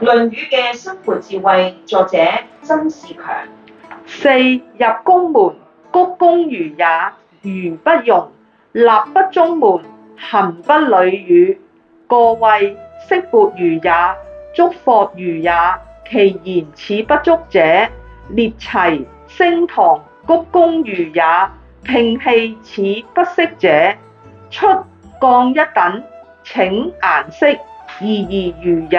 《論語》嘅生活智慧，作者曾仕強。四入宮門，鞠躬如也，如不容；立不中門，行不履宇。過位，色薄如也，足薄如也。其言似不足者，列齊升堂，鞠躬如也；摒氣似不息者，出降一等，請顏色，怡怡如也。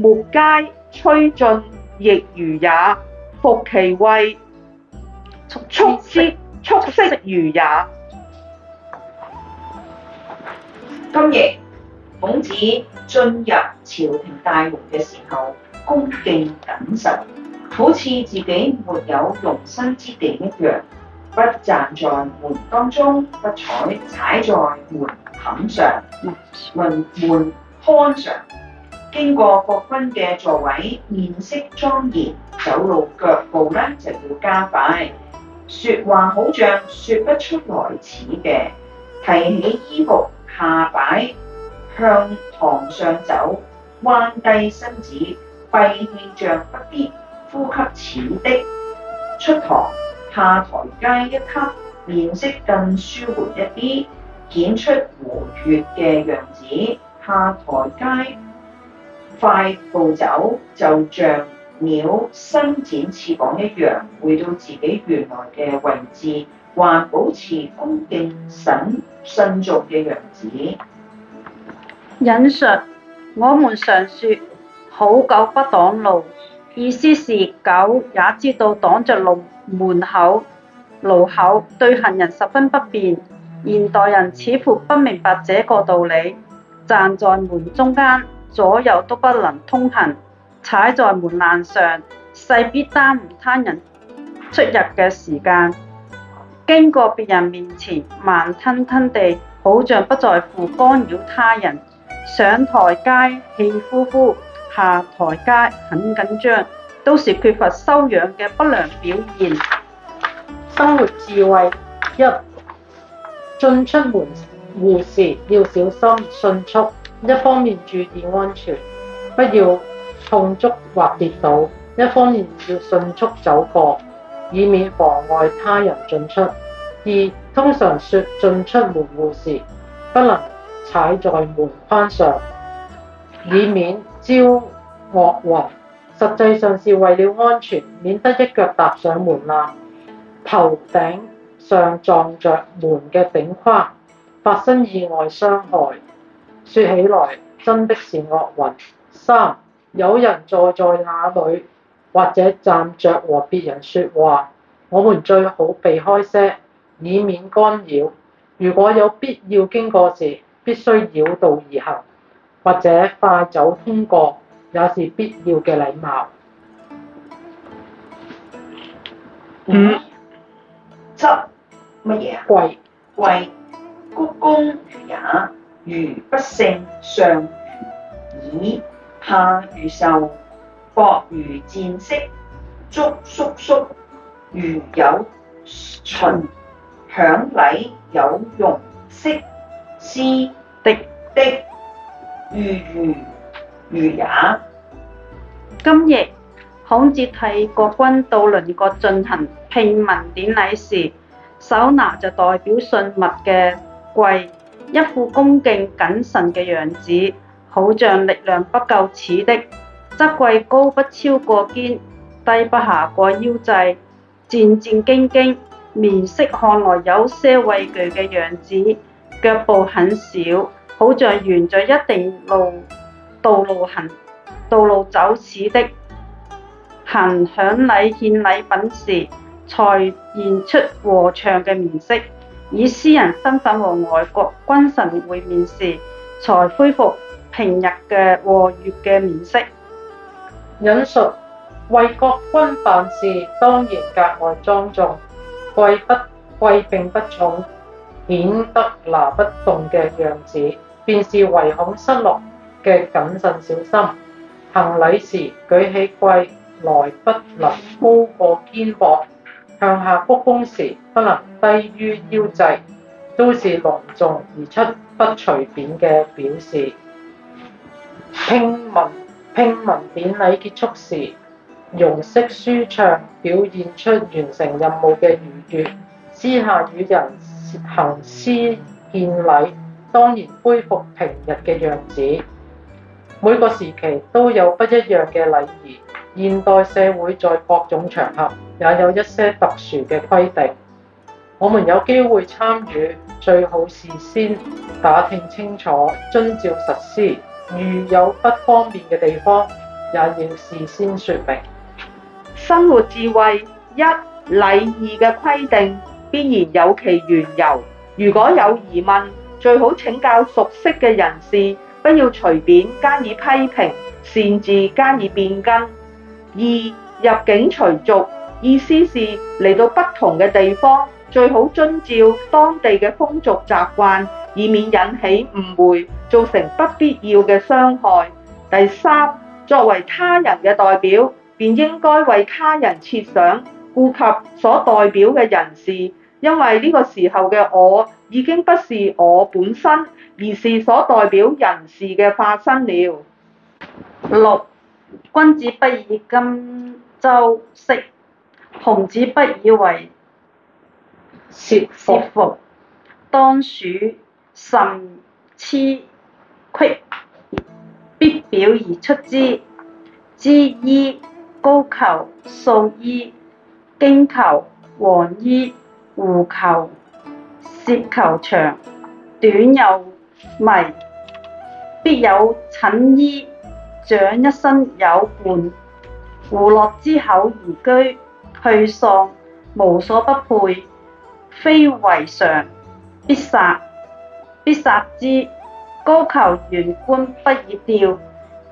沒階趨進，亦如也；復其位，速之速息如也。今日孔子進入朝廷大門嘅時候，恭敬謹慎，好似自己沒有容身之地一樣，不站在門當中，不踩踩在門檻上，門門看上。經過國君嘅座位，面色莊嚴，走路腳步呢就要加快，說話好像説不出來似嘅，提起衣服下擺向堂上走，彎低身子，閉氣着不必，呼吸似的出堂下台階一級，面色更舒緩一啲，顯出和悦嘅樣子下台階。快步走，就像鳥伸展翅膀一樣，回到自己原來嘅位置，還保持恭敬、神信做嘅樣子。引述：我們常說好狗不擋路，意思是狗也知道擋着路門口、路口對行人十分不便。現代人似乎不明白這個道理，站在門中間。左右都不能通行，踩在門檻上，勢必耽誤他人出入嘅時間。經過別人面前，慢吞吞地，好像不在乎干擾他人。上台階氣呼呼，下台階很緊張，都是缺乏修養嘅不良表現。生活智慧一，進出門戶時要小心迅速。一方面注意安全，不要碰觸或跌倒；一方面要迅速走過，以免妨礙他人進出。二、通常說進出門戶時，不能踩在門框上，以免招惡魂。實際上是為了安全，免得一腳踏上門檻，頭頂上撞着門嘅頂框，發生意外傷害。說起來真的是惡運。三有人坐在那裏，或者站着和別人說話，我們最好避開些，以免干擾。如果有必要經過時，必須繞道而行，或者快走通過，也是必要嘅禮貌。五、七乜嘢啊？貴貴，鞠躬如也。如不勝上如揖，下如授勃如戰色，足蹜蹜，如有循。享禮，有容色。私覿愉愉如也。今日，孔子替國君到鄰國進行聘問典禮時，手拿着代表信物嘅圭。一副恭敬謹慎嘅樣子，好像力量不夠似的。執圭高不超過肩，低不下過腰際，戰戰兢兢，面色看來有些畏懼嘅樣子。腳步很小，好像沿着一定路道路行道路走似的。行享禮獻禮品時，才現出和暢嘅面色。以私人身份和外國君臣會面時，才恢復平日嘅和悅嘅面色。引述為國君辦事，當然格外莊重。貴不貴並不重，顯得拿不動嘅樣子，便是唯恐失落嘅謹慎小心。行禮時，舉起貴來不能高過肩膊。向下鞠躬時不能低於腰際，都是隆重而出不隨便嘅表示。聘問聘問典禮結束時，容色舒暢，表現出完成任務嘅愉悅。私下與人行私見禮，當然恢復平日嘅樣子。每個時期都有不一樣嘅禮儀，現代社會在各種場合。也有一些特殊嘅規定，我們有機會參與，最好事先打聽清楚，遵照實施。如有不方便嘅地方，也要事先説明。生活智慧，一，禮儀嘅規定必然有其緣由，如果有疑問，最好請教熟悉嘅人士，不要隨便加以批評，擅自加以變更。二，入境隨俗。意思是嚟到不同嘅地方，最好遵照當地嘅風俗習慣，以免引起誤會，造成不必要嘅傷害。第三，作為他人嘅代表，便應該為他人設想，顧及所代表嘅人士，因為呢個時候嘅我已經不是我本身，而是所代表人士嘅化身了。六，君子不以紺緅飾。孔子不以為説服，服，當暑甚痴鬚，必表而出之。知衣高裘素衣，經裘黃衣，狐裘，貉裘長短有迷，必有寢衣。長一身有半，狐貉之口而居。去喪無所不佩，非帷裳，必殺，必殺之。羔裘玄冠不以弔，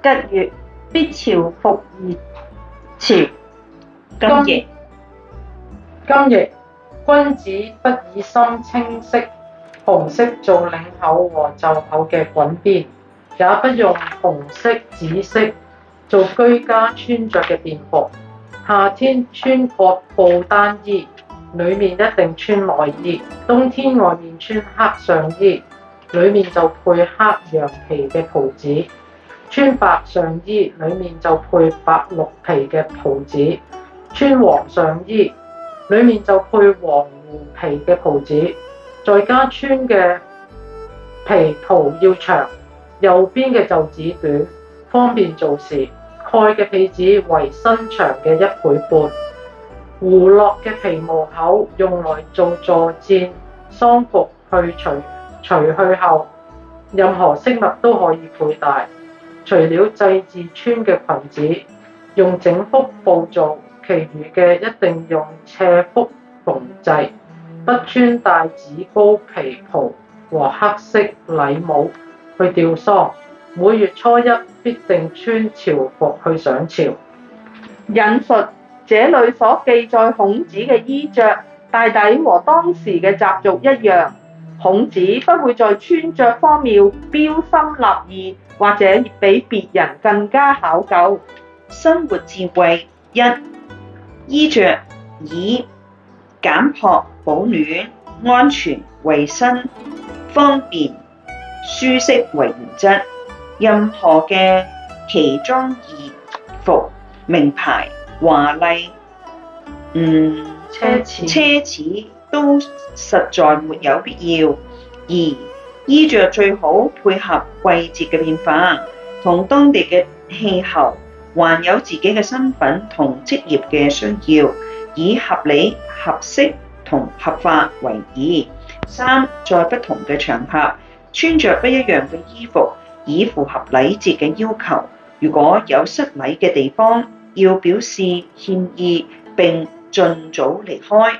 吉月必朝服而朝。今譯今譯，君子不以深青色紅色做領口和袖口嘅滾邊，也不用紅色、紫色做居家穿着嘅便服。夏天穿薄布單衣，裡面一定穿內衣；冬天外面穿黑上衣，裡面就配黑羊皮嘅袍子；穿白上衣，裡面就配白鹿皮嘅袍子；穿黃上衣，裡面就配黃狐皮嘅袍子。在家穿嘅皮袍要長，右邊嘅袖子短，方便做事。蓋嘅被子為身長嘅一倍半，胡落嘅皮毛口用來做坐墊，喪服去除除去後，任何飾物都可以佩戴，除了祭祀穿嘅裙子，用整幅布做，其餘嘅一定用斜幅縫製，不穿帶子高皮袍和黑色禮帽去吊喪。每月初一必定穿朝服去上朝。引述，這裏所記載孔子嘅衣着，大抵和當時嘅習俗一樣，孔子不會在穿着方面標新立異或者比別人更加考究。生活智慧一：衣着以簡樸、保暖、安全、衛生、方便、舒適為原則。任何嘅奇裝異服、名牌、華麗、嗯，奢侈，奢侈都實在沒有必要。二，衣着最好配合季節嘅變化，同當地嘅氣候，還有自己嘅身份同職業嘅需要，以合理、合適同合法為宜。三，在不同嘅場合，穿着不一樣嘅衣服。以符合禮節嘅要求。如果有失禮嘅地方，要表示歉意，並盡早離開。